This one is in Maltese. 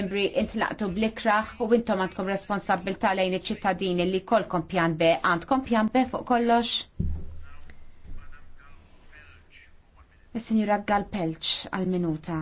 membri intlaqtu blikraħ u intom għandkom responsabilta lejn iċ-ċittadini li kol pjan be, għandkom pjan be fuq kollox? il sinjura Galpelċ għal-minuta.